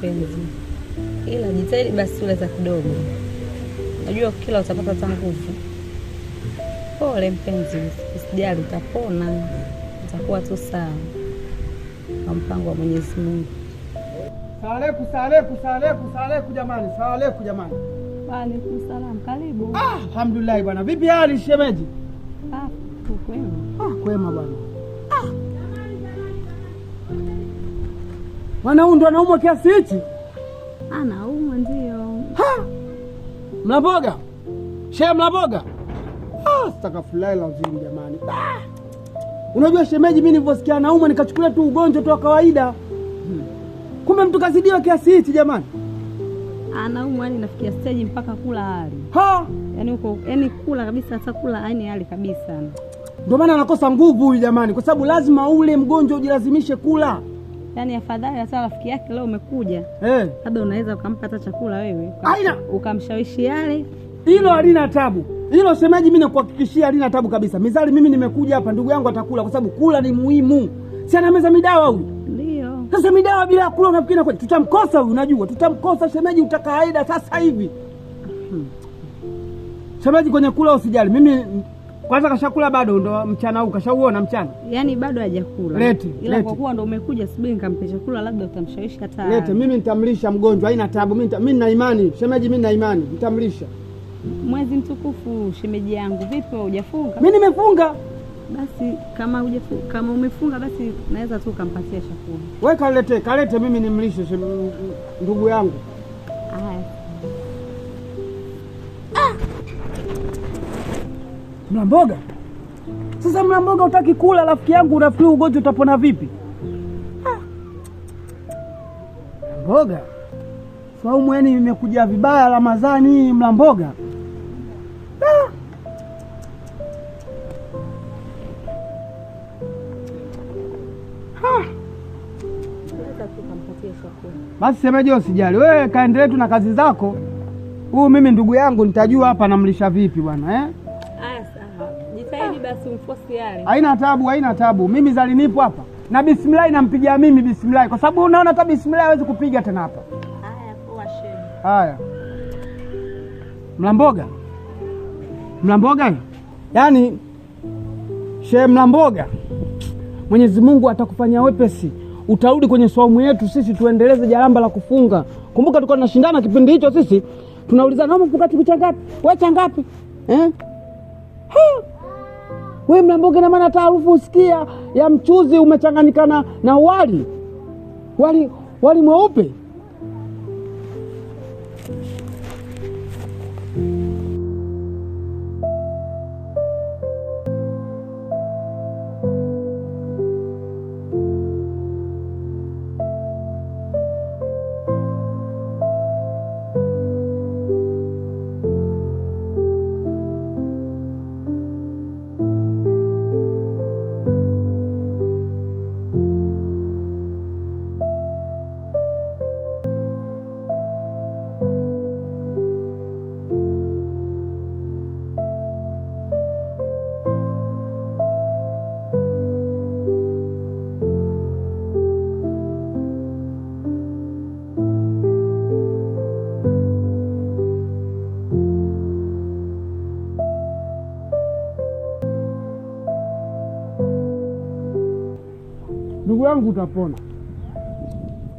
mapenzi, ila jitahidi basi ule za kidogo. Najua kila utapata hata nguvu. Pole mpenzi, usijali, utapona, utakuwa tu sawa kwa mpango wa Mwenyezi Mungu. Saaleku, saaleku, saaleku, saaleku jamani, saaleku jamani. Waalaikum salaam, karibu. Ah, alhamdulillah bwana. Vipi hali shemeji? Ah, kwema. Ah, kwema bwana. Mwanau ndo anaumwa kiasi hichi? Anaumwa ah, ndio. Mlaboga shee, Mlaboga ah, stakafulai lazimu jamani. Ah! Unajua shemeji, mimi nilivyosikia anaumwa nikachukulia tu ugonjwa tu wa kawaida hmm. Kumbe mtu kazidiwa kiasi hichi jamani, anaumwa yani nafikia stage mpaka kula hali ha? Yaani uko yani kula kabisa, hata kula yani hali kabisa, ndio maana anakosa nguvu huyu jamani, kwa sababu lazima ule mgonjwa ujilazimishe kula Yaani afadhali hata rafiki yake leo umekuja eh. labda hey, unaweza ukampa hata chakula wewe ukamshawishi yale, hilo halina tabu hilo semaji, mimi nakuhakikishia halina tabu kabisa. Mizali, mimi nimekuja hapa, ndugu yangu atakula kwa sababu kula ni muhimu. Si anameza midawa huyu? Ndio. Sasa midawa bila kula unafikiri na tutamkosa huyu? Unajua tutamkosa shemeji, utakaaida sasa hivi. Hmm. Shemeji, kwenye kula usijali, mimi kwanza kashakula bado? Ndo mchana huu kashauona mchana? Yaani bado hajakula. Lete, ila kwa kuwa ndo umekuja, sibui nikampe chakula, labda utamshawishi kataa. Lete, mimi nitamlisha mgonjwa, haina tabu. Mimi nina imani shemeji, mimi nina imani nitamlisha. Mwezi mtukufu shemeji yangu, vipi wewe hujafunga? Mimi nimefunga. Basi kama hujafunga, kama umefunga basi naweza tu ukampatia chakula. Wewe kalete, kalete mimi nimlishe ndugu yangu. Haya. mla mboga. Sasa mla mboga utaki kula, rafiki yangu, unafikiri ugonjwa utapona vipi? Mboga saumu, yani imekuja vibaya Ramadhani, mla mboga. Basi semeje, usijali wewe, kaendelee tu na kazi zako. Huyu mimi ndugu yangu nitajua hapa namlisha vipi bwana eh? haina tabu, haina tabu. Mimi zalinipo hapa na bismillah inampigia mimi bismillah, kwa sababu unaona hata bismillah hawezi kupiga tena hapa. Haya, Mlamboga, Mlamboga, yaani shehe Mlamboga, Mwenyezi Mungu atakufanya wepesi, utarudi kwenye swaumu yetu sisi tuendeleze jaramba la kufunga. Kumbuka tulikuwa tunashindana kipindi hicho, sisi tunaulizana, naomba mfungaji kucha ngapi, wacha ngapi eh? wewe mlamboge, na maana taarufu usikia ya mchuzi umechanganyikana na wali wali wali mweupe ndugu yangu, utapona,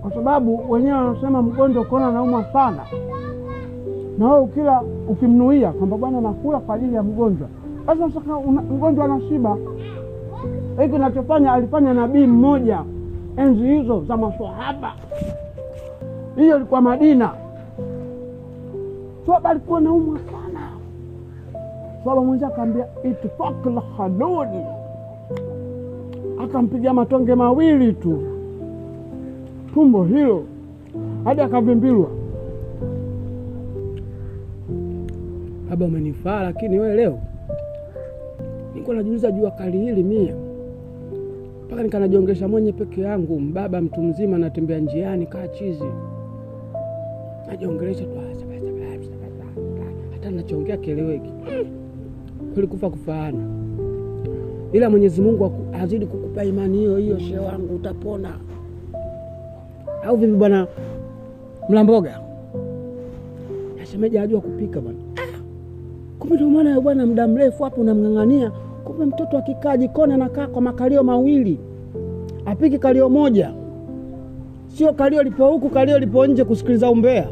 kwa sababu wenyewe wanasema mgonjwa ukiona anaumwa sana, na wewe ukila ukimnuia kwamba bwana, nakula kwa ajili ya mgonjwa, sasa mgonjwa shiba. Hiki nachofanya alifanya nabii mmoja enzi hizo za maswahaba, hiyo ilikuwa Madina. Swaba alikuwa naumwa sana, swaba mwenzi akaambia itfaq lhaluni akampiga matonge mawili tu tumbo hilo hadi akavimbilwa. Baba, umenifaa lakini wewe leo niko najiuliza jua kali hili mia mpaka nikanajiongesha mwenye peke yangu, mbaba mtu mzima, natembea njiani kaa chizi, najiongelesha ah, hata nachongea keleweki, kufa kufaana ila Mwenyezi Mungu azidi kukupa imani hiyo hiyo, shehe wangu, utapona. Au vipi bwana Mlamboga? Shemeji ajua kupika bwana. Ah! Kumbe ndio maana bwana, muda mrefu hapo unamng'ang'ania. Kumbe mtoto akikaa jikoni anakaa kwa makalio mawili, apiki kalio moja, sio kalio lipo huku, kalio lipo nje, kusikiliza umbea.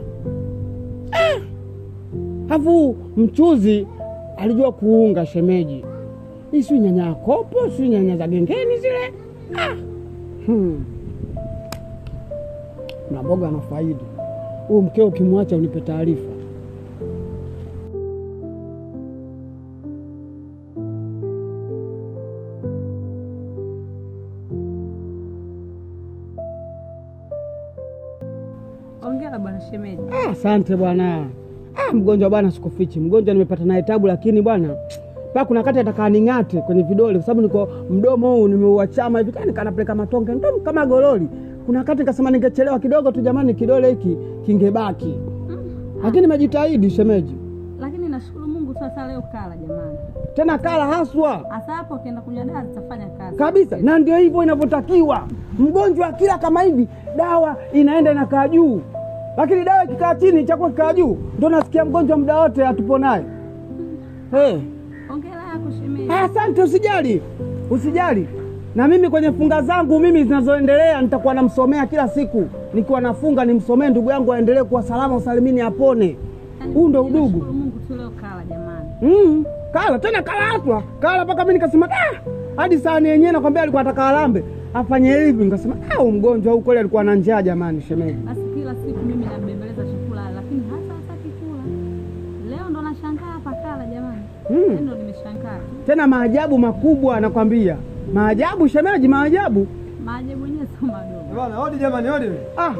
Alafu ah! mchuzi alijua kuunga shemeji. Isi nyanya ya kopo, si nyanya za gengeni zile. Ah. Hmm. Na boga na faida. Huyu mkeo ukimwacha unipe taarifa. Hongera bwana Ah, bwana. Ah, mgonjwa bwana sikufichi. Mgonjwa nimepata naye tabu lakini bwana Paa kuna kati atakaa ning'ate kwenye vidole kwa sababu niko mdomo huu nimeuachama hivi kani kanapeleka matonge ndomo kama gololi. Kuna kati kasema ningechelewa kidogo tu jamani kidole hiki kingebaki. Mm-hmm. Lakini nimejitahidi shemeji. Lakini nashukuru Mungu sasa leo kala jamani. Tena kala haswa. Hasa hapo ukienda kunywa dawa zitafanya kazi. Kabisa. Na ndio hivyo inavyotakiwa. Mgonjwa akila kama hivi dawa inaenda inakaa juu. Lakini dawa ikikaa chini chakula kikaa juu ndo nasikia mgonjwa muda wote atuponaye. Mm-hmm. Eh. Hey. Ah, asante, usijali, usijali. Na mimi kwenye funga zangu mimi zinazoendelea nitakuwa namsomea kila siku, nikiwa nafunga nimsomee ndugu yangu aendelee kuwa salama usalimini, apone. Yaani Huu ndo udugu. Mm, kala tena kala hatwa kala mpaka mimi nikasema ah! hadi sahani yenyewe nakwambia alikuwa ataka alambe afanye hivi, nikasema ah, mgonjwa huko kweli alikuwa na njaa jamani, shemeji. Basi kila siku mimi nambembeleza chakula, lakini hata hataki kula. Leo ndo nashangaa hapa kala jamani. Mm tena maajabu makubwa, anakwambia maajabu shemeji, maajabu maajabu yenyewe sio madogo bwana. Hodi jamani, hodi ah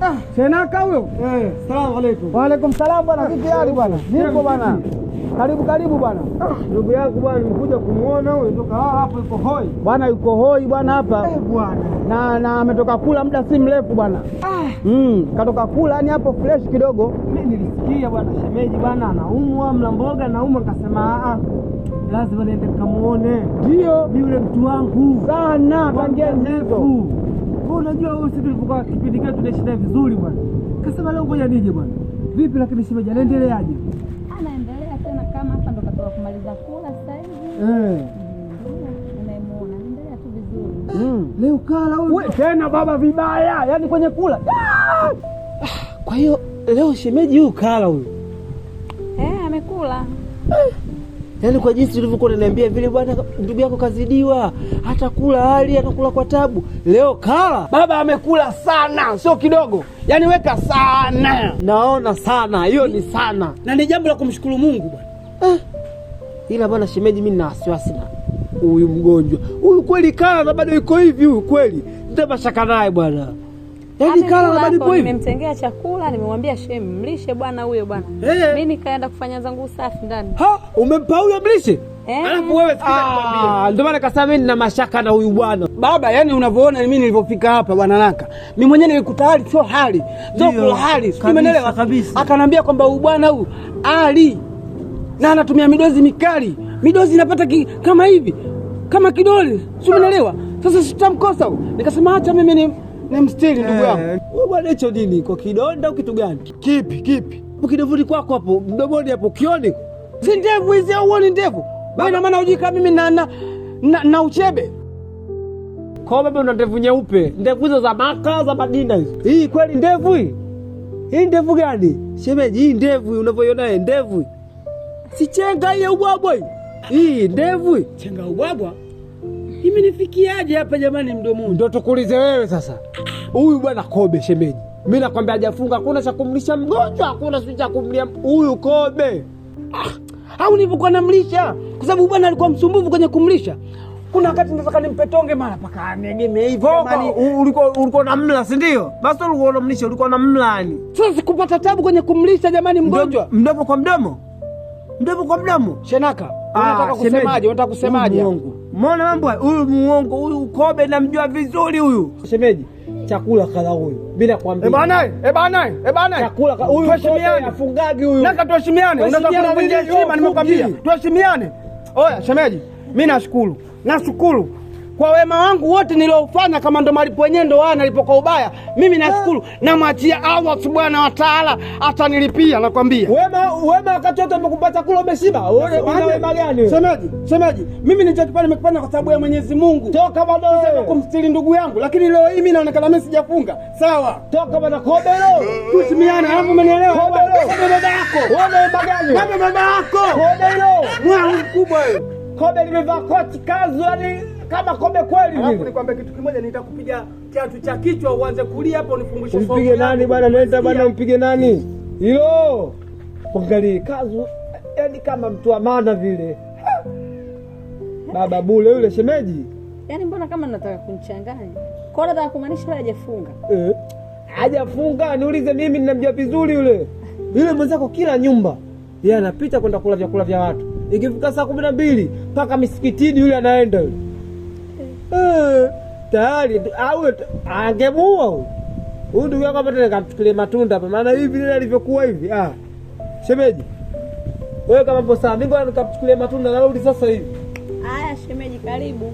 Ah, senaka huyo? Eh, salamu alaykum. Wa alaykum salaam bwana, ah, vipi hali bwana? Eh, Niko bwana. Karibu karibu bwana. Ah, ndugu yangu bwana, nimekuja kumuona huyo toka ah, hapo yuko hoi. Bwana yuko hoi bwana hapa. Eh, bwana. Na na ametoka kula muda si mrefu bwana. Ah. Mm, katoka kula yani hapo fresh kidogo. Mimi nilisikia bwana shemeji bwana anaumwa mlamboga, mboga naumwa kasema ah lazima niende kamuone. Ndio ni yule mtu wangu sana, pangia ndefu. Unajua wewe, sisi tulipokuwa kipindi kile tunaishi naye vizuri bwana, kasema leo ngoja nije bwana. Vipi lakini shemeji, anaendeleaje? Anaendelea tena kama hapa, ndo katoka kumaliza kula sasa hivi eh Mm. mm. Leo kala wewe tena baba vibaya, yaani kwenye kula. Ah! Kwa hiyo leo shemeji huyu kala huyu. Eh, amekula. Eh. Yaani kwa jinsi ulivyokuwa unaniambia vile, bwana, ndugu yako kazidiwa, hata kula hali anakula kwa tabu. Leo kala baba amekula sana, sio kidogo, yaani weka sana, naona sana, hiyo ni sana na ni jambo la kumshukuru Mungu bwana eh. Ila bwana shemeji, mimi na wasiwasi na huyu mgonjwa huyu, kweli kala na bado iko hivi huyu, kweli nitabashaka naye bwana. Yaani, yaani kala na badipo hivi. Nimemtengea chakula, nimemwambia shehe mlishe bwana huyo bwana. Hey. Eh. Mimi nikaenda kufanya zangu usafi ndani. Ha, umempa huyo mlishe? Hey. Eh. Alafu wewe sikiza nikwambie. Ah, ndio maana kasema mimi nina mashaka na huyu bwana. Baba, yani unavyoona mimi nilipofika hapa bwana Naka. Mimi mwenyewe nilikuta hali sio hali. sio la hali. Umeelewa kabisa. Akanambia kwamba huyu bwana huyu ali na anatumia midozi mikali. Midozi inapata ki, kama hivi. Kama kidole. Sio umeelewa? Sasa sitamkosa. Nikasema acha mimi ni ni mstiri ndugu eh. yangu. Wewe bwana, hicho nini kwa kidonda au kitu gani? Kipi kipi? Ukidevuni kwako hapo mdomoni hapo kioni. Si ndevu hizi au uoni ndevu? Wewe na maana hujui mimi na na, na, na uchebe. Kwa baba una ndevu nyeupe. Ndevu hizo za Maka za Madina hizo. Hii kweli ndevu hii? Hii ndevu gani? Shemeji, hii ndevu unavyoiona hii ndevu. Si chenga hii ubwabwa hii. Hii ndevu chenga ubwabwa imenifikiaje hapa jamani, mdomoni? Ndio tukulize wewe sasa, huyu bwana Kobe shemeji, mi nakwambia hajafunga, hakuna cha kumlisha mgonjwa, hakuna si cha kumlia huyu Kobe. Ah, au nilivyokuwa namlisha, kwa sababu bwana alikuwa msumbufu kwenye kumlisha kuna wakati nataka nimpetonge mara paka anegemee hivyo. Ulikuwa ulikuwa na mla, si ndio? Basi ulikuwa unamlisha, ulikuwa na mla mlani. Sasa sikupata tabu kwenye kumlisha jamani, mgonjwa mdomo kwa mdomo, mdomo kwa mdomo. Shenaka, ah, unataka kusemaje? Unataka kusemaje? Mungu Mona mambo huyu muongo huyu Ukobe namjua vizuri huyu. Shemeji, chakula kala huyu. Bila kuambia. Eh bana, eh bana, eh bana. Chakula huyu tuheshimiane. Afungagi huyu. Naka tuheshimiane. Unataka kunivunjia heshima nimekwambia. Tuheshimiane. Oya, shemeji, mimi nashukuru. Nashukuru kwa wema wangu wote niliofanya, kama ndo malipo wenyewe ndo wana nalipo kwa ubaya, mimi nashukuru, namwachia Allah subhanahu wa taala atanilipia. Nakwambia wema, wema wakati wote umekupata kula umeshiba. Wewe una wema gani? Semaji, semaji, mimi nilichokipata nimekupana kwa sababu ya Mwenyezi Mungu. Toka bado sema kumstiri ndugu yangu, lakini leo hii mimi naonekana mimi sijafunga. Sawa, toka bado kobelo, tusimiane hapo, umenielewa? Kobelo baba yako wewe, wema gani? Baba baba yako kobelo, mwa mkubwa wewe, kobelo limevaa koti kazi yani kama kombe kweli. Alafu nikwambia kitu kimoja, nitakupiga kiatu cha kichwa uanze kulia hapo, nifungushe sofa. Mpige nani bwana? Nenda bwana, mpige nani? Hilo angalie kazu, yaani kama mtu wa maana vile. Baba bule yule shemeji, yaani mbona kama nataka kunichanganya kwa, nini? nataka kumaanisha wewe hajafunga eh? Hajafunga niulize mimi, ninamjua vizuri yule yule mwenzako, kila nyumba yeye anapita kwenda kula vyakula vya watu, ikifika saa kumi na mbili mpaka misikitini yule anaenda yule Eh, tayari awe angemuua huyu. Huyu ndugu yako hapa tena matunda hapa maana hivi vile alivyokuwa hivi. Ah. Shemeji. Wewe kama posa, mimi ngoja nikamchukulie matunda na sasa hivi. Haya shemeji, karibu.